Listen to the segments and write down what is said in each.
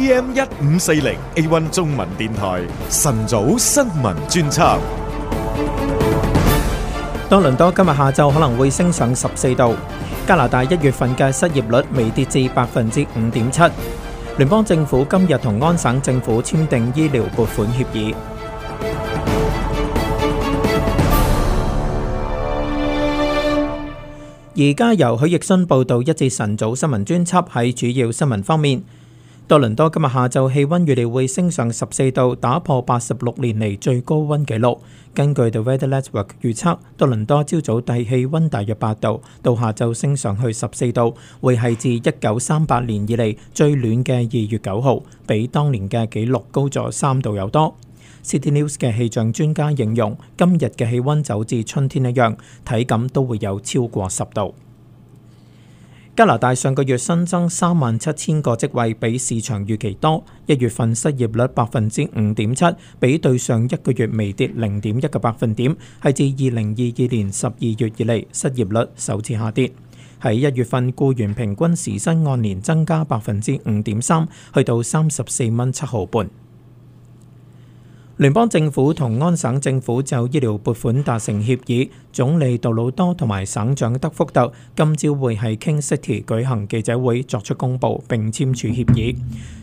AM 一五四零 A1 中文電台晨早新聞專輯。多倫多今日下晝可能會升上十四度。加拿大一月份嘅失業率微跌至百分之五點七。聯邦政府今日同安省政府簽訂醫療撥款協議。而家由許奕迅報道，一節晨早新聞專輯喺主要新聞方面。多倫多今日下晝氣温預料會升上十四度，打破八十六年嚟最高温紀錄。根據 The Weather Network 預測，多倫多朝早低氣温大約八度，到下晝升上去十四度，會係自一九三八年以嚟最暖嘅二月九號，比當年嘅紀錄高咗三度有多。City News 嘅氣象專家形容，今日嘅氣温走至春天一樣，體感都會有超過十度。加拿大上個月新增三萬七千個職位，比市場預期多。一月份失業率百分之五點七，比對上一個月微跌零點一個百分點，係自二零二二年十二月以嚟失業率首次下跌。喺一月份，雇員平均時薪按年增加百分之五點三，去到三十四蚊七毫半。聯邦政府同安省政府就醫療撥款達成協議，總理杜魯多同埋省長德福特今朝會喺 King City 舉行記者會作出公佈並簽署協議。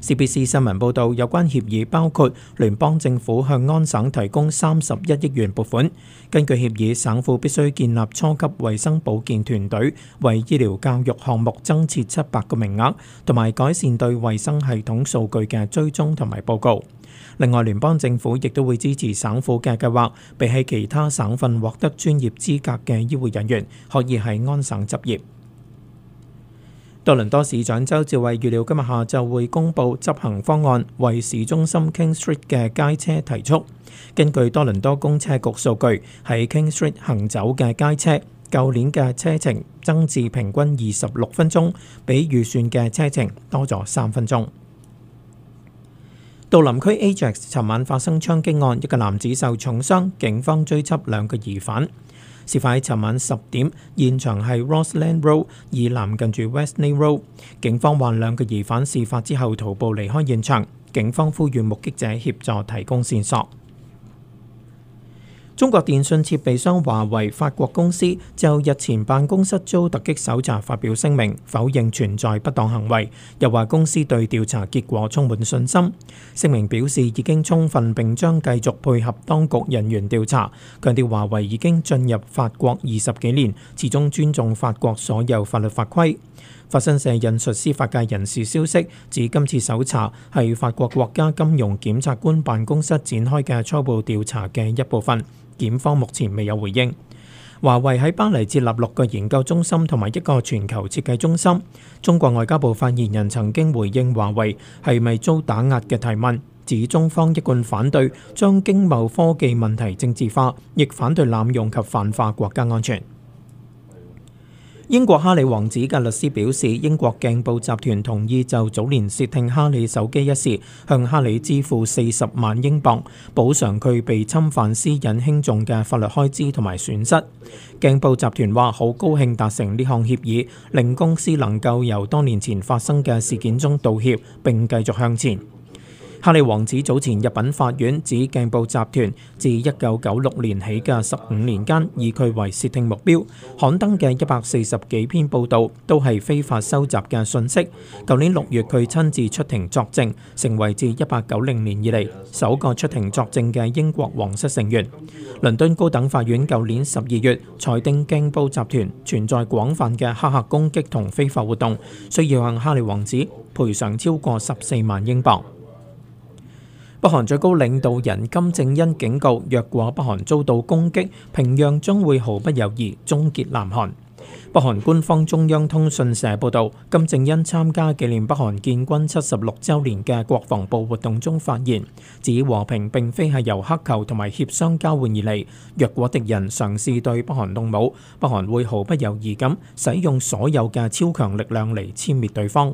CBC 新聞報道，有關協議包括聯邦政府向安省提供三十一億元撥款。根據協議，省府必須建立初級衛生保健團隊，為醫療教育項目增設七百個名額，同埋改善對衛生系統數據嘅追蹤同埋報告。另外，聯邦政府亦都會支持省府嘅計劃，畀喺其他省份獲得專業資格嘅醫護人員，可以喺安省執業。多倫多市長鄒至蕙預料今日下晝會公布執行方案，為市中心 King Street 嘅街車提速。根據多倫多公車局數據，喺 King Street 行走嘅街車，舊年嘅車程增至平均二十六分鐘，比預算嘅車程多咗三分鐘。杜林區 Ajax 尋晚發生槍擊案，一個男子受重傷，警方追緝兩個疑犯。事發喺尋晚十點，現場係 Rossland Road 以南近住 Westney Road。警方話兩個疑犯事發之後徒步離開現場，警方呼籲目擊者協助提供線索。中國電信設備商華為法國公司就日前辦公室遭突擊搜查發表聲明，否認存在不當行為，又話公司對調查結果充滿信心。聲明表示已經充分並將繼續配合當局人員調查，強調華為已經進入法國二十幾年，始終尊重法國所有法律法規。法新社引述司法界人士消息，指今次搜查係法國國家金融檢察官辦公室展開嘅初步調查嘅一部分。檢方目前未有回應。華為喺巴黎設立六個研究中心同埋一個全球設計中心。中國外交部發言人曾經回應華為係咪遭打壓嘅提問，指中方一貫反對將經貿科技問題政治化，亦反對濫用及泛化國家安全。英國哈里王子嘅律師表示，英國鏡報集團同意就早年竊聽哈里手機一事，向哈里支付四十萬英鎊補償佢被侵犯私隱輕重嘅法律開支同埋損失。鏡報集團話好高興達成呢項協議，令公司能夠由多年前發生嘅事件中道歉並繼續向前。哈利王子早前入稟法院，指鏡報集團自一九九六年起嘅十五年間，以佢為竊聽目標，刊登嘅一百四十幾篇報道都係非法收集嘅信息。舊年六月，佢親自出庭作證，成為自一八九零年以嚟首個出庭作證嘅英國皇室成員。倫敦高等法院舊年十二月裁定，鏡報集團存在廣泛嘅黑客攻擊同非法活動，需要向哈利王子賠償超過十四萬英鎊。北韓最高領導人金正恩警告，若果北韓遭到攻擊，平壤將會毫不猶豫終結南韓。北韓官方中央通訊社報導，金正恩參加紀念北韓建軍七十六週年嘅國防部活動中發言，指和平並非係由乞求同埋協商交換而嚟，若果敵人嘗試對北韓動武，北韓會毫不猶豫咁使用所有嘅超強力量嚟殲滅對方。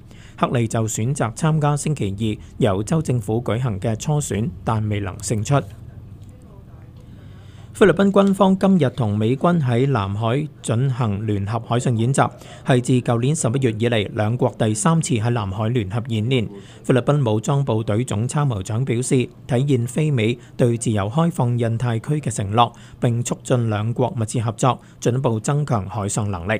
克利就選擇參加星期二由州政府舉行嘅初選，但未能勝出。菲律賓軍方今日同美軍喺南海進行聯合海上演習，係自舊年十一月以嚟兩國第三次喺南海聯合演練。菲律賓武裝部隊總參謀長表示，體現菲美對自由開放印太區嘅承諾，並促進兩國密切合作，進一步增強海上能力。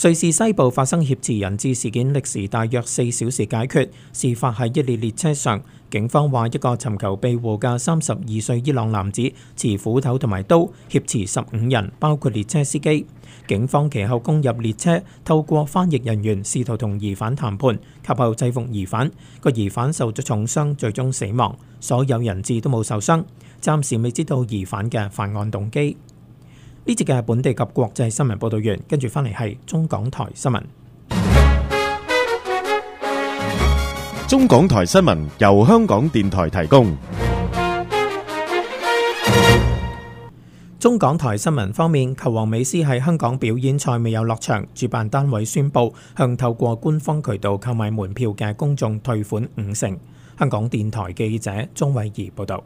瑞士西部發生挾持人質事件，歷時大約四小時解決。事發喺一列列車上，警方話一個尋求庇護嘅三十二歲伊朗男子持斧頭同埋刀挾持十五人，包括列車司機。警方其後攻入列車，透過翻譯人員試圖同疑犯談判，及後制服疑犯。個疑犯受咗重傷，最終死亡。所有人質都冇受傷。暫時未知道疑犯嘅犯案動機。呢節嘅係本地及國際新聞報道員，跟住翻嚟係中港台新聞。中港台新聞由香港電台提供。中港台新聞方面，球王美斯喺香港表演賽未有落場，主辦單位宣布向透過官方渠道購買門票嘅公眾退款五成。香港電台記者鍾偉儀報道。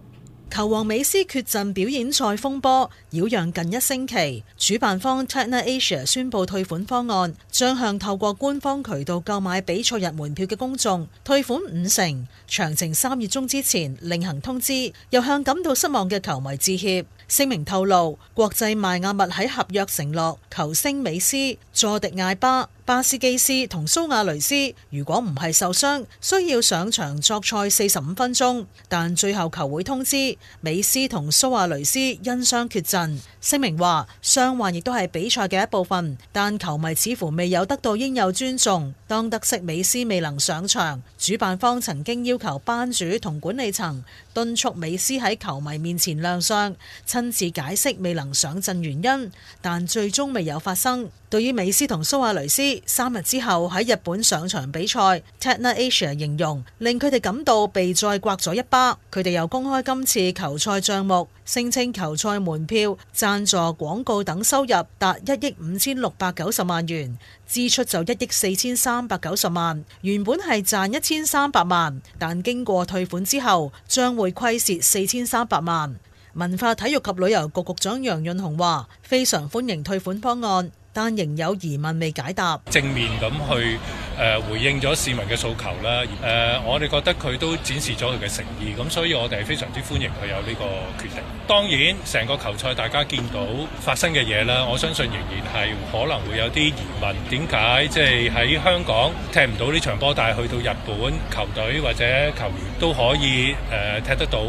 球王美斯缺陣表演賽風波擾攘近一星期，主辦方 Tatler Asia 宣布退款方案，將向透過官方渠道購買比賽日門票嘅公眾退款五成，詳情三月中之前另行通知。又向感到失望嘅球迷致歉。聲明透露，國際邁亞密喺合約承諾球星美斯佐迪艾巴。巴斯基斯同蘇亞雷斯如果唔係受傷，需要上場作賽四十五分鐘，但最後球會通知美斯同蘇亞雷斯因傷缺陣。聲明話傷患亦都係比賽嘅一部分，但球迷似乎未有得到應有尊重。當得悉美斯未能上場，主辦方曾經要求班主同管理層敦促美斯喺球迷面前亮相，親自解釋未能上陣原因，但最終未有發生。對於美斯同蘇亞雷斯，三日之後喺日本上場比賽，Tatler Asia 形容令佢哋感到被再刮咗一巴。佢哋又公開今次球賽帳目，聲稱球賽門票、贊助廣告等收入達一億五千六百九十萬元，支出就一億四千三百九十萬。原本係賺一千三百萬，但經過退款之後，將會虧蝕四千三百萬。文化體育及旅遊局局長楊潤雄話：非常歡迎退款方案。但仍有疑問未解答。正面咁去誒回應咗市民嘅訴求啦。誒，我哋覺得佢都展示咗佢嘅誠意，咁所以我哋非常之歡迎佢有呢個決定。當然，成個球賽大家見到發生嘅嘢啦，我相信仍然係可能會有啲疑問。點解即係喺香港踢唔到呢場波，但係去到日本球隊或者球員都可以誒、呃、踢得到？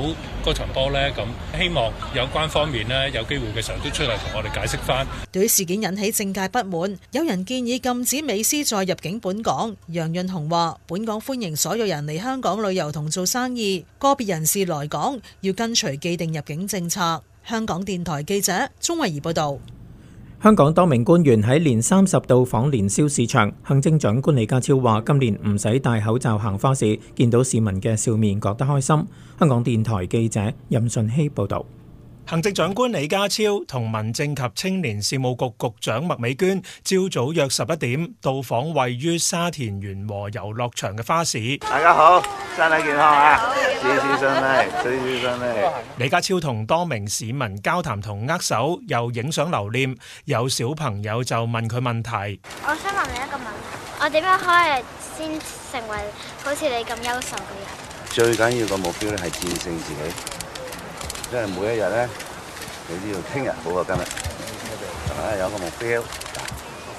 嗰場波呢，咁希望有關方面呢，有機會嘅時候都出嚟同我哋解釋返。對於事件引起政界不滿，有人建議禁止美斯再入境本港。楊潤雄話：本港歡迎所有人嚟香港旅遊同做生意。個別人士來港要跟隨既定入境政策。香港電台記者鍾慧儀報道。香港多名官員喺年三十到訪年宵市場，行政長官李家超話：今年唔使戴口罩行花市，見到市民嘅笑面，覺得開心。香港電台記者任順希報導。行政長官李家超同民政及青年事務局局長麥美娟朝早約十一點到訪位於沙田源禾遊樂場嘅花市。大家好，身體健康啊！注意身體，注意身體。李家超同多名市民交談同握手，又影相留念。有小朋友就問佢問題。我想問你一個問題，我點樣可以先成為好似你咁優秀嘅人？最緊要個目標咧，係戰勝自己。真係每一日咧，你都要聽日好過今日。有個目標，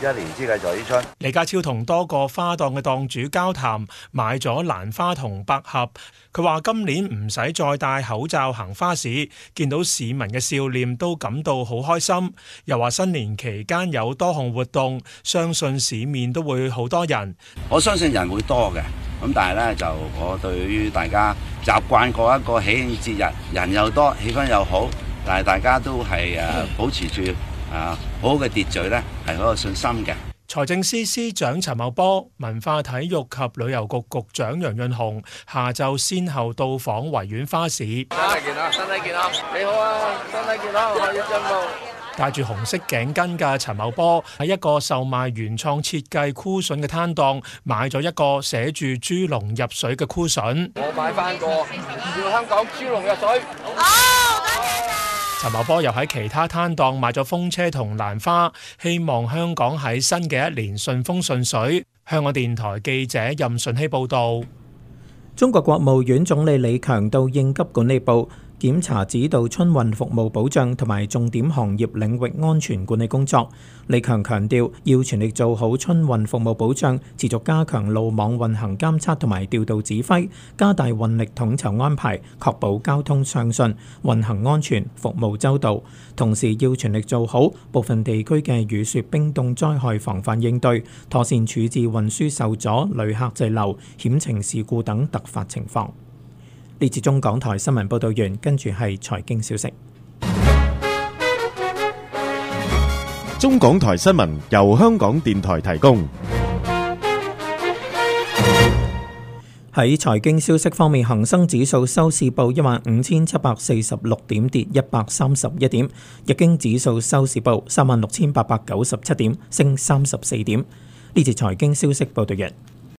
一年之計在於春。李家超同多個花檔嘅檔主交談，買咗蘭花同百合。佢話：今年唔使再戴口罩行花市，見到市民嘅笑臉都感到好開心。又話新年期間有多項活動，相信市面都會好多人。我相信人會多嘅。咁但係咧，就我對於大家習慣過一個喜慶節日，人又多，氣氛又好，但係大家都係誒保持住啊好好嘅秩序咧，係好有信心嘅。嗯、財政司司長陳茂波、文化體育及旅遊局局長楊潤雄下晝先後到訪維園花市。身體健康，身體健康，你好啊！身體健康，我有進步。戴住紅色頸巾嘅陳茂波喺一個售賣原創設計箍筍嘅攤檔買咗一個寫住豬籠入水嘅箍筍。我買翻個，要香港豬籠入水。哦。陳茂波又喺其他攤檔買咗風車同蘭花，希望香港喺新嘅一年順風順水。香港電台記者任順熙報導。中國國務院總理李強到應急管理部。檢查指導春運服務保障同埋重點行業領域安全管理工作。李強強調，要全力做好春運服務保障，持續加強路網運行監測同埋調度指揮，加大運力統籌安排，確保交通暢順、運行安全、服務周到。同時，要全力做好部分地區嘅雨雪冰凍災害防範應對，妥善處置運輸受阻、旅客滯留、險情事故等突發情況。呢次中港台新聞報道完，跟住係財經消息。中港台新聞由香港電台提供。喺財經消息方面，恒生指數收市報一萬五千七百四十六點，跌一百三十一點；日經指數收市報三萬六千八百九十七點，升三十四點。呢次財經消息報道完。